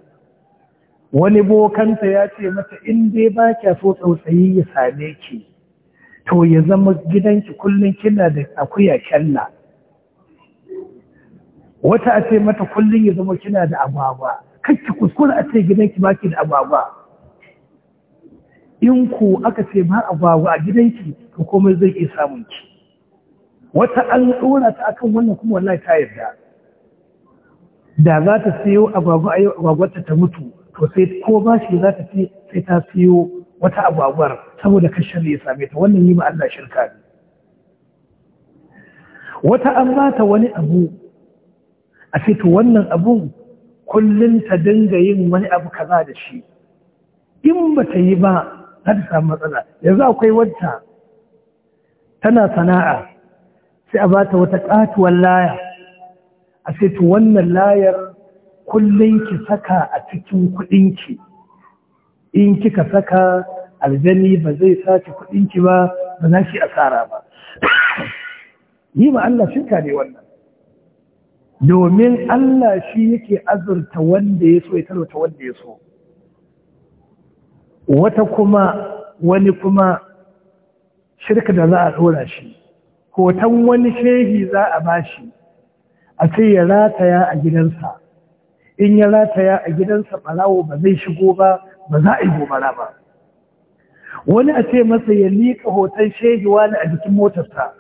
wani bokanta ya ce mata in dai ba kya so tsautsayi ya same ki to ya zama gidanki kullum kina da akuya kyalla wata a ce mata kullum ya zama kina da agwagwa kakki kuskura a ce gidanki baki da agwagwa in ku aka ce ba a a gidanki ka komai zai iya samun ki wata an ta akan wannan kuma wallahi ta yarda da za ta siyo agwagwa a yau agwagwarta ta mutu to sai ko ba shi za ta ce sai ta siyo wata agwagwar saboda kashin ya same ta wannan yi ma Allah shirka ne wata an ba ta wani abu a ce to wannan abun kullum ta dinga yin wani abu kaza da shi in ba ta yi ba za samu matsala yanzu akwai wata tana sana'a sai a bata wata katuwar laya a sai to wannan layar kullum ki saka a cikin ki, in kika saka aljani ba zai sace kuɗinki ba ba za ki asara ba yi ma Allah shirka ne wannan domin Allah shi yake azurta wanda ya so ya talauta wanda ya so wata kuma wani kuma shirka da za a ɗora shi hoton wani shehi za a ba shi, a ce ya rataya a gidansa in ya rataya a gidansa ɓarawo ba zai shigo ba ba za a yi gobara ba wani a ce masa ya liƙa hoton shehi wani a jikin motarsa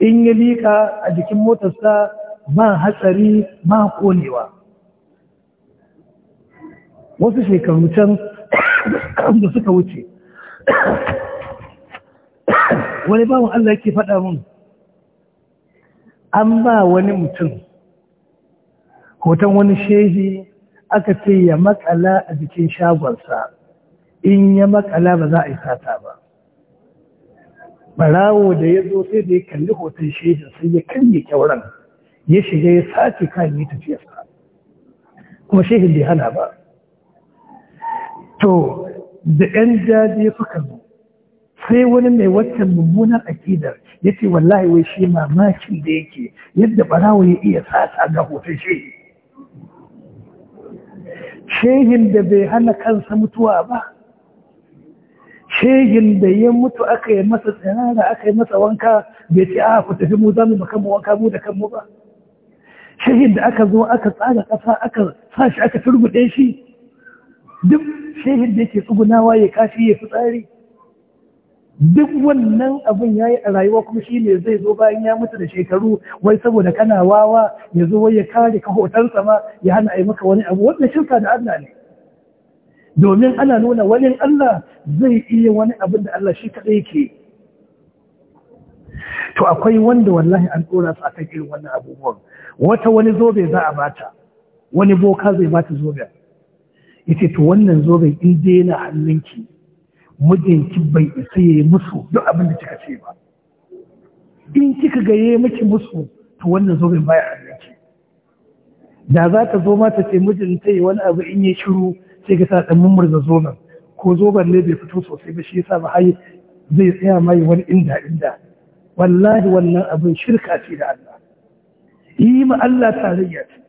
in ya liƙa a jikin motarsa ba hatsari ba ƙonewa wasu shekaru can da suka wuce wani bawan Allah yake faɗa mun an ba wani mutum hoton wani shehi aka ce ya makala a jikin shagonsa in ya makala ba za a yi sata ba barawo da ya zo sai da ya kalli hoton shehin sai ya karya kyauran ya shiga ya sace kayan yi tafiyarsa kuma shehin bai hana ba to da ‘yan jaje suka zo sai wani mai wancan mummunar akidar ya ce wallahi wai shi mamakin da yake yadda barawa ya iya sata ga hoton shi shehin da bai hana kansa mutuwa ba shehin da ya mutu aka yi masa tsanara aka yi masa wanka bai ce aka ah, ku tafi mu za mu kanmu wanka mu da kan mu ba shehin da aka zo aka tsara ƙasa aka sa shi aka turgude shi duk shehin da yake tsugunawa ya kashi ya fi tsari. duk wannan abin ya yi a rayuwa kuma shi ne zai zo bayan ya mutu da shekaru wai saboda kana wawa ya zo wai ya kare ka ma ya hana a yi maka wani abu wannan shirka da Allah ne domin ana nuna wani Allah zai iya wani abin da Allah shi kaɗai ke to akwai wanda wallahi an ɗora su akan irin wannan abubuwan wata wani zobe za a bata wani boka zai bata zobe. yace to wannan zoben in dai yana hannunki mijinki bai isa yi musu duk abin da kika ce ba in kika ga yayi miki musu to wannan zoben baya hannunki da za ta zo ma ce mijin ta yi wani abu in yi shiru sai ka sa ta da zoben ko zoben ne bai fito sosai ba shi yasa ba hayi zai tsaya mai wani inda inda wallahi wannan abin shirka ce da Allah yi ma Allah tarayya ce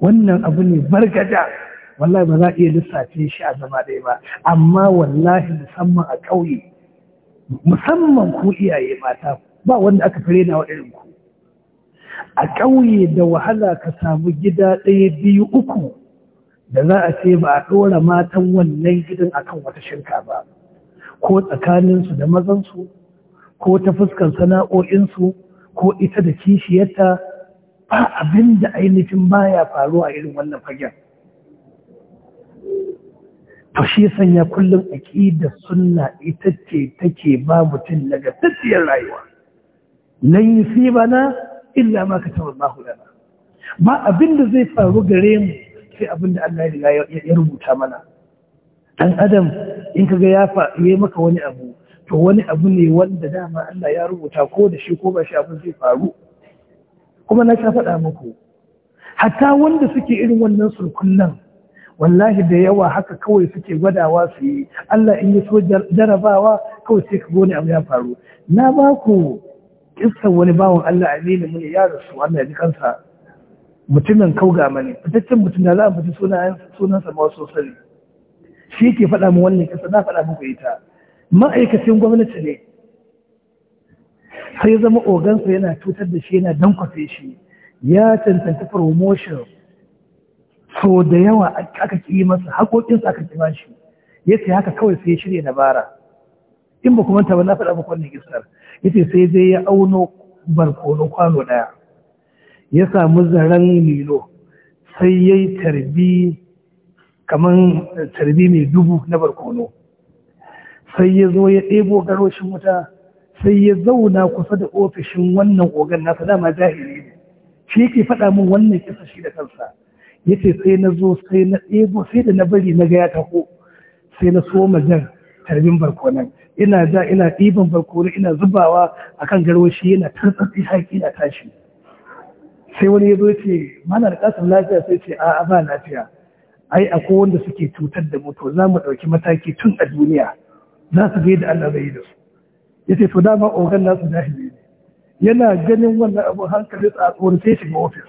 wannan abu ne bargada wallahi ba za a iya lissafin shi a zama ɗaya ba amma wallahi musamman a ƙauye musamman ku iyaye mata ba wanda aka fi rena waɗannan ku a ƙauye da wahala ka samu gida ɗaya biyu uku da za a ce ba a ɗora matan wannan gidan akan wata shirka ba ko tsakaninsu da mazansu ko ta fuskar sana'o'insu ko ita da kishiyarta ba abin da ainihin baya faruwa irin wannan fagen to shi sanya kullum a da sunna ita ce take ba mutum nagartacciyar rayuwa Nan yi lan bana, illa ma ka taɓa ba abin da zai faru gare mu sai abin da Allah ya rubuta mana ɗan adam in ka ga ya yi maka wani abu to wani abu ne wanda dama Allah ya rubuta ko da shi ko ba shi abin zai faru kuma na sha faɗa muku hatta wanda suke irin wannan nan, wallahi da yawa haka kawai suke gwadawa su yi Allah in yi so jarabawa kawai sai ka gone abu ya faru na ba ku kissan wani bawan Allah aminu mun ya rasu Allah ya ji kansa mutumin kauga mani fitaccen mutum da za a fita sunan sunan sa wasu sani shi ke faɗa mu wannan kasa na faɗa muku ita ma'aikacin gwamnati ne sai zama ogansa yana cutar da shi yana dankwafe shi ya cancanta promotion so da yawa aka ƙi masa haƙoƙinsa aka ƙi shi ya ce haka kawai sai ya shirya bara. in ba kuma ba na faɗa ba kwanne gisar ya ce sai dai ya auno barkono kwano ɗaya ya samu zaren lilo sai ya yi tarbi kamar tarbi mai dubu na barkono sai ya zo ya ɗebo garoshin wuta sai ya zauna kusa da ofishin wannan ogan nasa dama jahili ne shi yake faɗa min wannan kisa shi da kansa yace sai na zo sai na ɗebo sai da na bari na gaya ya taho sai na so majan tarbin barkonan ina da ina ɗiban barkonan ina zubawa akan garwashi yana tantsatsi haƙi na tashi sai wani ya zo ce mana da ƙasar lafiya sai ce a'a ba lafiya ai akwai wanda suke cutar da mu to za mu ɗauki mataki tun a duniya za su ga yadda Allah zai yi da su yace to dama ogan nasu jahili ne yana ganin wannan abu hankali a tsorace shi ga ofis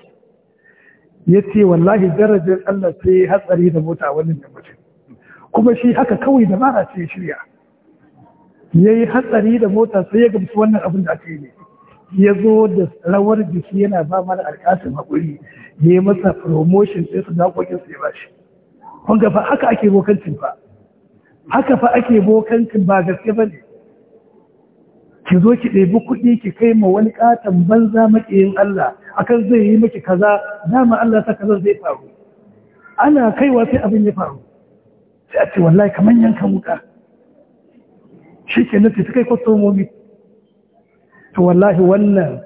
yace wallahi darajar Allah sai hatsari da mota wannan yammacin kuma shi haka kawai da mara ce shirya yayi hatsari da mota sai ya gamsu wannan abin da aka yi ne ya zo da rawar jiki yana ba mana alƙasin haƙuri ya yi masa promotion sai su naƙoƙin sai ba shi kun ga fa haka ake bokancin ba haka fa ake bokancin ba gaske ba ne ki zo ki ɗebi kuɗi ki kai ma wani ƙaton banza makiyin Allah akan zai yi maki kaza dama Allah ta kaza zai faru ana kaiwa sai abin ya faru sai a ce wallahi kamar yanka wuka shi ke nufi ta kai kwastomomi to wallahi wannan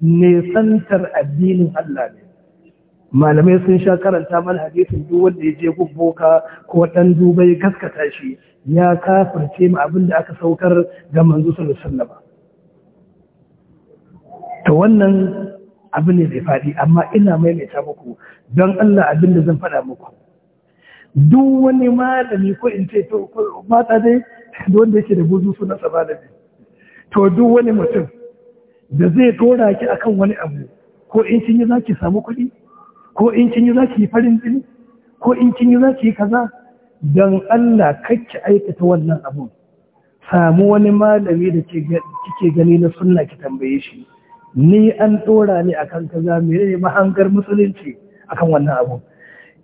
nesantar addinin Allah ne malamai sun sha karanta mana hadisin duk wanda ya je gubboka ko ɗan dubai gaskata shi ya kafirce ma abin da aka saukar ga manzo sallallahu alaihi Ta wannan abu ne mai faɗi amma ina maimaita muku don Allah abin da zan faɗa muku duk wani malami ko in ce to mata dai wanda yake da buzu suna sabalami to duk wani mutum da zai tora ki akan wani abu ko in kin yi za ki samu kuɗi ko in kin yi za ki yi farin jini ko in kin yi za ki kaza don Allah kacce aikata wannan abu samu wani malami da kike gani na sunna ki tambaye shi ni an ɗora ne kan kaza mene ne mahangar musulunci akan wannan abu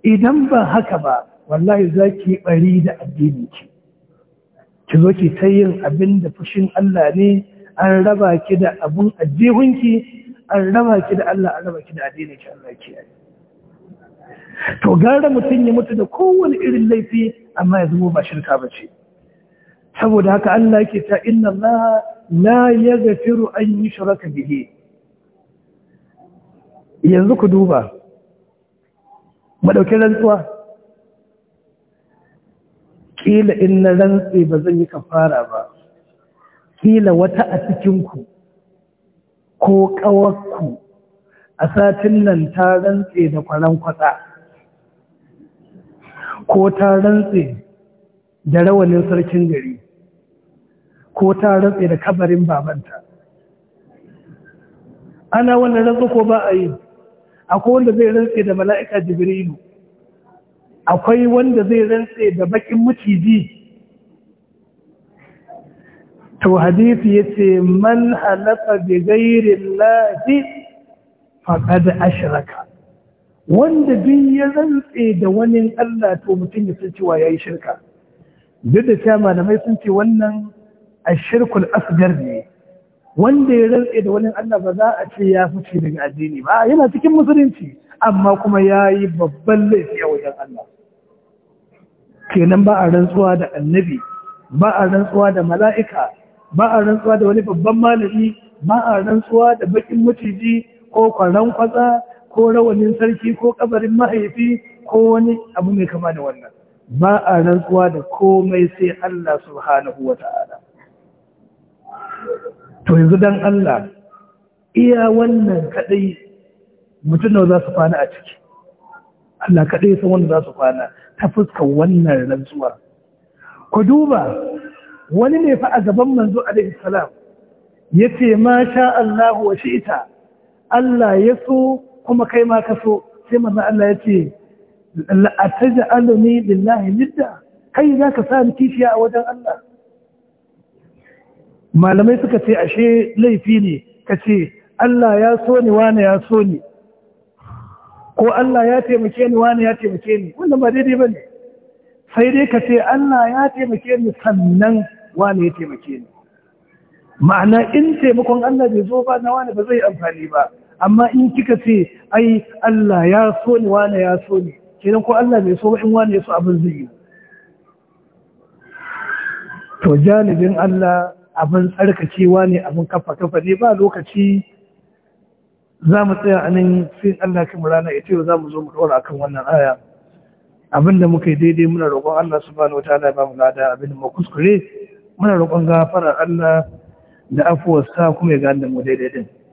idan ba haka ba wallahi za ki ɓari da addini ki ki zo ki ta yin abin da fushin Allah ne an raba ki da abun ajihunki an raba ki da Allah an raba ki da addini ki Allah ki to gara mutum ya mutu da kowane irin laifi amma ya zama ba shirka ba ce saboda haka Allah ke ta inna Allah la yaghfiru an yushraka bihi yanzu ku duba madaukin rantsuwa Ƙila in na rantse ba zan yi kafara ba kila wata a cikinku ko ƙawarku a satin nan ta rantse da kwaran kwatsa ko ta rantse da rawanin sarkin gari ko ta rantse da kabarin babanta ana wannan rantsu ko ba a yi akwai wanda zai rantse da mala'ika jibrilu akwai wanda zai rantse da bakin maciji to ya ce man da gairin Ladi faɗa da ashiraka wanda bin ya rantse da wani Allah to mutum ya san cewa ya yi shirka duk da cewa malamai sun ce wannan ashirkul asgar ne wanda ya rantse da wani Allah ba za a ce ya fice daga addini ba yana cikin musulunci amma kuma ya yi babban laifi a wajen Allah kenan ba a rantsuwa da annabi ba a rantsuwa da mala'ika ba a rantsuwa da wani babban malami ba a rantsuwa da bakin maciji ko kwaran kwatsa ko rawanin sarki ko kabarin mahaifi ko wani abu mai kama da wannan ba a rantsuwa da komai sai Allah subhanahu wa to yanzu dan Allah iya wannan kadai mutum da za su kwana a ciki Allah kadai san wanda za su kwana ta fuskar wannan rantsuwa ku duba wani ne fa a gaban manzo alaihi salam yace ma sha Allah wa shi'ta Allah ya so kuma kai ma ka so sai manzo Allah yace la ataj'aluni billahi lidda kai zaka sa ni kishiya a wajen Allah malamai suka ce ashe laifi ne ka ce Allah ya so ni wane ya so ni ko Allah ya taimake ni wane ya taimake ni wannan ba daidai ba ne sai dai ka ce Allah ya taimake ni sannan wane ya taimake ni ma'ana in taimakon Allah bai zo ba na wane ba zai amfani ba amma in kika ce ai Allah ya so ni wane ya so ni kenan ko Allah bai so ba in wane ya so abin zai yi to jalibin Allah abin tsarkakewa ne abin kafa kafa ne ba lokaci za mu tsaya a nan fi Allah mu rana ya ce za mu zo mu ɗora akan wannan aya abin da muka yi daidai muna roƙon Allah su wata ala ba mu lada abin da mu kuskure muna roƙon gafara Allah da afuwarsa kuma ya gane mu daidai din